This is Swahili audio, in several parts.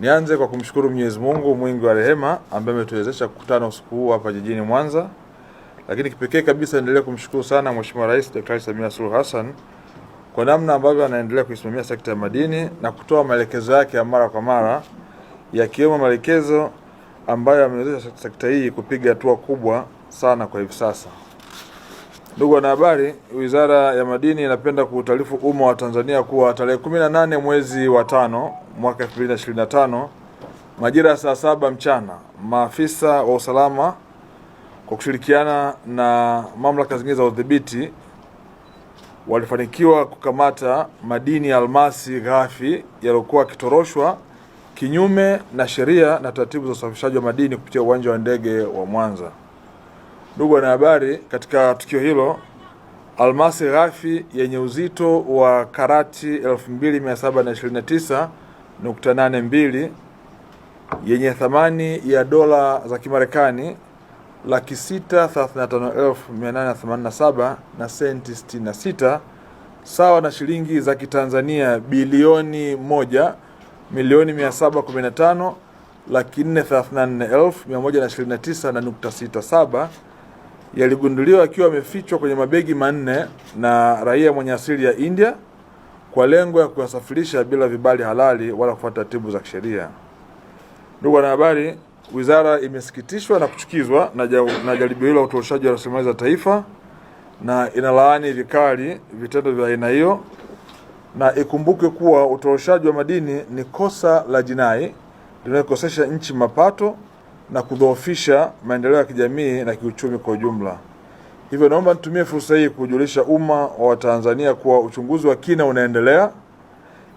Nianze kwa kumshukuru Mwenyezi Mungu mwingi wa rehema ambaye ametuwezesha kukutana usiku huu hapa jijini Mwanza. Lakini kipekee kabisa endelea kumshukuru sana Mheshimiwa Rais Daktari Samia Suluhu Hassan kwa namna ambavyo anaendelea kuisimamia sekta ya madini na kutoa maelekezo yake ya mara kwa mara yakiwemo maelekezo ambayo yamewezesha sekta hii kupiga hatua kubwa sana kwa hivi sasa. Ndugu wanahabari, Wizara ya Madini inapenda kuutaarifu umma wa Tanzania kuwa tarehe 18 mwezi wa tano mwaka 2025 majira ya saa saba mchana, maafisa wa usalama kwa kushirikiana na mamlaka zingine za udhibiti walifanikiwa kukamata madini ya almasi ghafi yaliyokuwa yakitoroshwa kinyume na sheria na taratibu za usafirishaji wa madini kupitia uwanja wa ndege wa Mwanza. Ndugu wanahabari, katika tukio hilo almasi ghafi yenye uzito wa karati 2729 nukta nane mbili yenye thamani ya dola za Kimarekani laki sita thelathini na tano elfu mia nane themanini na saba na senti sitini na sita sawa na shilingi za Kitanzania bilioni moja milioni mia saba kumi na tano laki nne thelathini na nne elfu mia moja na ishirini na tisa na nukta sita saba yaligunduliwa akiwa amefichwa kwenye mabegi manne na raia mwenye asili ya India kwa lengo ya kuyasafirisha bila vibali halali wala kufuata taratibu za kisheria. Ndugu wanahabari, wizara imesikitishwa na kuchukizwa na jaribio hilo la utoroshaji wa rasilimali za taifa na inalaani vikali vitendo vya aina hiyo, na ikumbuke kuwa utoroshaji wa madini ni kosa la jinai linalokosesha nchi mapato na kudhoofisha maendeleo ya kijamii na kiuchumi kwa ujumla. Hivyo naomba nitumie fursa hii kujulisha umma wa Watanzania kuwa uchunguzi wa kina unaendelea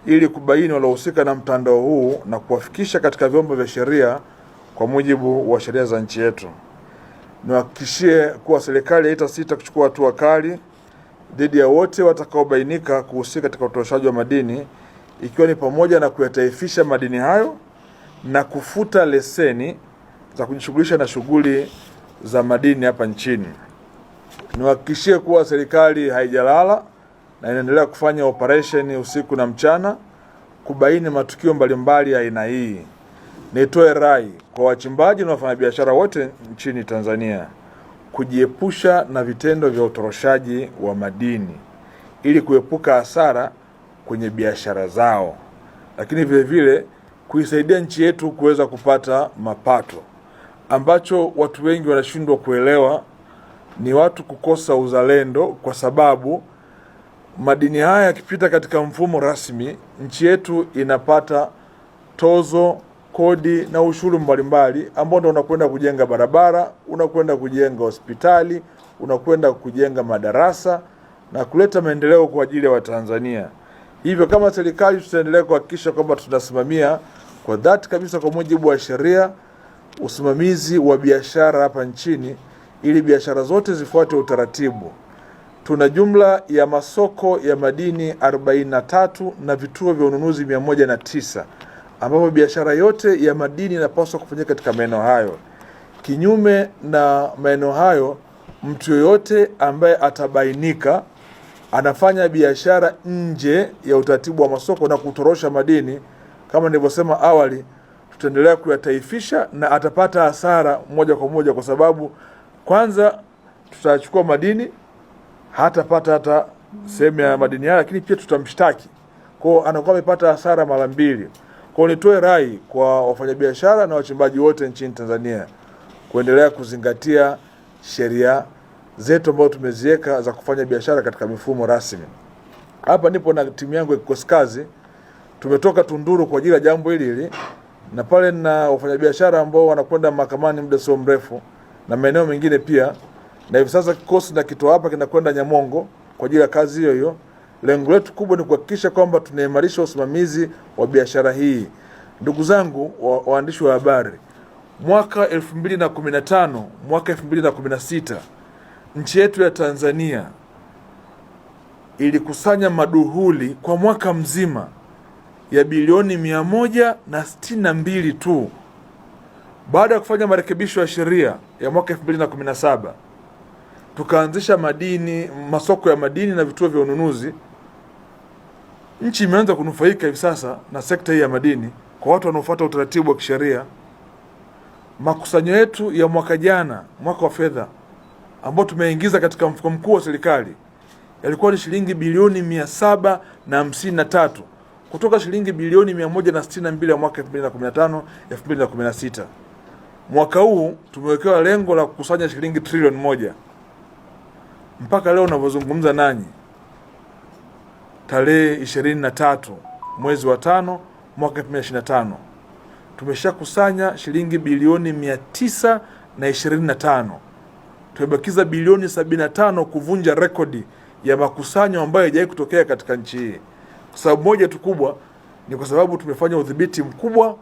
ili kubaini waliohusika na mtandao huu na kuwafikisha katika vyombo vya sheria kwa mujibu wa sheria za nchi yetu. Niwahakikishie kuwa serikali haitasita kuchukua hatua kali dhidi ya wote watakaobainika kuhusika katika utoshaji wa madini ikiwa ni pamoja na kuyataifisha madini hayo na kufuta leseni za kujishughulisha na shughuli za madini hapa nchini niwahakikishie kuwa serikali haijalala na inaendelea kufanya operesheni usiku na mchana kubaini matukio mbalimbali ya aina hii. Nitoe rai kwa wachimbaji na wafanyabiashara wote nchini Tanzania kujiepusha na vitendo vya utoroshaji wa madini ili kuepuka hasara kwenye biashara zao, lakini vile vile kuisaidia nchi yetu kuweza kupata mapato ambacho watu wengi wanashindwa kuelewa ni watu kukosa uzalendo, kwa sababu madini haya yakipita katika mfumo rasmi, nchi yetu inapata tozo, kodi na ushuru mbalimbali, ambao ndo unakwenda kujenga barabara, unakwenda kujenga hospitali, unakwenda kujenga madarasa na kuleta maendeleo kwa ajili ya Watanzania. Hivyo kama serikali tutaendelea kuhakikisha kwamba tunasimamia kwa dhati kabisa kwa mujibu wa sheria usimamizi wa biashara hapa nchini ili biashara zote zifuate utaratibu. Tuna jumla ya masoko ya madini 43 na vituo vya ununuzi 109 ambapo biashara yote ya madini inapaswa kufanyika katika maeneo hayo. Kinyume na maeneo hayo, mtu yoyote ambaye atabainika anafanya biashara nje ya utaratibu wa masoko na kutorosha madini, kama nilivyosema awali, tutaendelea kuyataifisha na atapata hasara moja kwa moja kwa sababu kwanza tutachukua madini, hatapata hata sehemu ya madini hayo, lakini pia tutamshtaki kwao, anakuwa amepata hasara mara mbili. Kwao nitoe rai kwa wafanyabiashara na wachimbaji wote nchini Tanzania kuendelea kuzingatia sheria zetu ambazo tumeziweka za kufanya biashara katika mifumo rasmi. Hapa nipo na timu yangu ya kikosi kazi, tumetoka Tunduru kwa ajili ya jambo hili hili, na pale na wafanyabiashara ambao wanakwenda mahakamani muda sio mrefu na maeneo mengine pia, na hivi sasa kikosi kitoa hapa kinakwenda Nyamongo kwa ajili ya kazi hiyo hiyo. Lengo letu kubwa ni kuhakikisha kwamba tunaimarisha usimamizi wa biashara hii. Ndugu zangu waandishi wa habari, mwaka 2015 mwaka 2016 nchi yetu ya Tanzania ilikusanya maduhuli kwa mwaka mzima ya bilioni mia moja na sitini na mbili tu. Baada ya kufanya marekebisho ya sheria ya mwaka 2017 tukaanzisha madini, masoko ya madini na vituo vya ununuzi. Nchi imeanza kunufaika hivi sasa na sekta hii ya madini kwa watu wanaofuata utaratibu wa kisheria. Makusanyo yetu ya mwaka jana, mwaka wa fedha ambao tumeingiza katika mfuko mkuu wa serikali yalikuwa ni shilingi bilioni mia saba na hamsini na tatu kutoka shilingi bilioni mia moja na sitini na mbili ya mwaka 2015 2016. Mwaka huu tumewekewa lengo la kukusanya shilingi trilioni moja. Mpaka leo unavyozungumza nanyi, tarehe ishirini na tatu mwezi wa tano mwaka elfu mbili ishirini na tano tumeshakusanya shilingi bilioni mia tisa na ishirini na tano. Tumebakiza bilioni sabini na tano kuvunja rekodi ya makusanyo ambayo haijawahi kutokea katika nchi hii. Kwa sababu moja tu kubwa ni kwa sababu tumefanya udhibiti mkubwa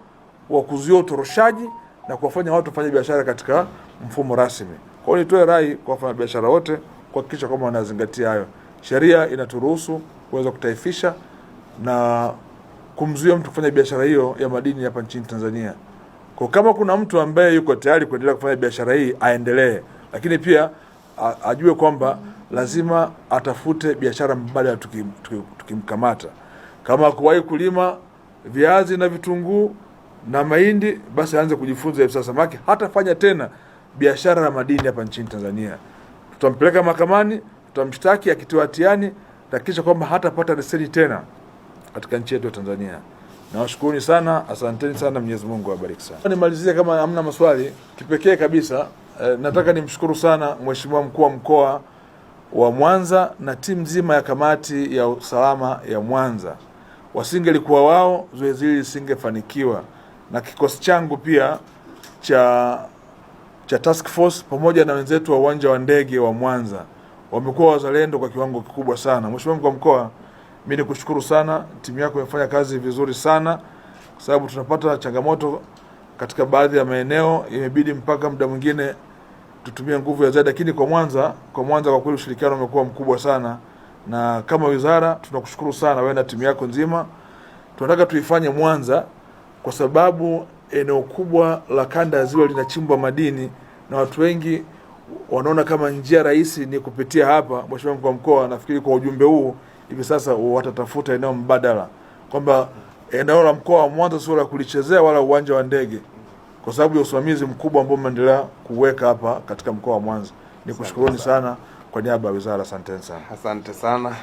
wa kuzuia utoroshaji na kuwafanya watu wafanye biashara katika mfumo rasmi. Kwa hiyo nitoe rai kwa wafanyabiashara wote kuhakikisha kwamba wanazingatia hayo. Sheria inaturuhusu kuweza kutaifisha na kumzuia mtu kufanya biashara hiyo ya madini hapa nchini Tanzania. Kwa kama kuna mtu ambaye yuko tayari kuendelea kufanya biashara hii aendelee, lakini pia ajue kwamba lazima atafute biashara mbadala tukimkamata tuki, tuki kama kuwahi kulima viazi na vitunguu na mahindi, basi aanze kujifunza hivi sasa, maana hatafanya tena biashara ya madini hapa nchini Tanzania. Tutampeleka mahakamani, tutamshtaki, akitiwa hatiani tahakikisha kwamba hatapata leseni tena katika nchi yetu ya Tanzania. Nawashukuruni sana, asanteni sana, Mwenyezi Mungu awabariki sana. Nimalizie kama hamna maswali. Kipekee kabisa eh, nataka nimshukuru sana Mheshimiwa mkuu wa mkoa wa Mwanza na timu nzima ya kamati ya usalama ya Mwanza. Wasingelikuwa wao, zoezi hili lisingefanikiwa na kikosi changu pia cha, cha task force pamoja na wenzetu wa uwanja wa ndege wa Mwanza wamekuwa wazalendo kwa kiwango kikubwa sana. Mheshimiwa mkuu wa mkoa, mimi nikushukuru sana, timu yako imefanya kazi vizuri sana, kwa sababu tunapata changamoto katika baadhi ya maeneo, imebidi mpaka muda mwingine tutumie nguvu ya zaidi, lakini kwa Mwanza, kwa Mwanza kwa kweli ushirikiano umekuwa mkubwa sana, na kama wizara tunakushukuru sana wewe na timu yako nzima. Tunataka tuifanye Mwanza kwa sababu eneo kubwa la kanda ya ziwa linachimbwa madini na watu wengi wanaona kama njia rahisi ni kupitia hapa. Mheshimiwa mkuu wa mkoa, nafikiri kwa ujumbe huu hivi sasa watatafuta eneo mbadala, kwamba eneo la mkoa wa Mwanza sio la kulichezea wala uwanja wa ndege, kwa sababu ya usimamizi mkubwa ambao mmeendelea kuweka hapa katika mkoa wa Mwanza. Ni kushukuruni sana kwa niaba ya wizara, asanteni sana. Asante sana.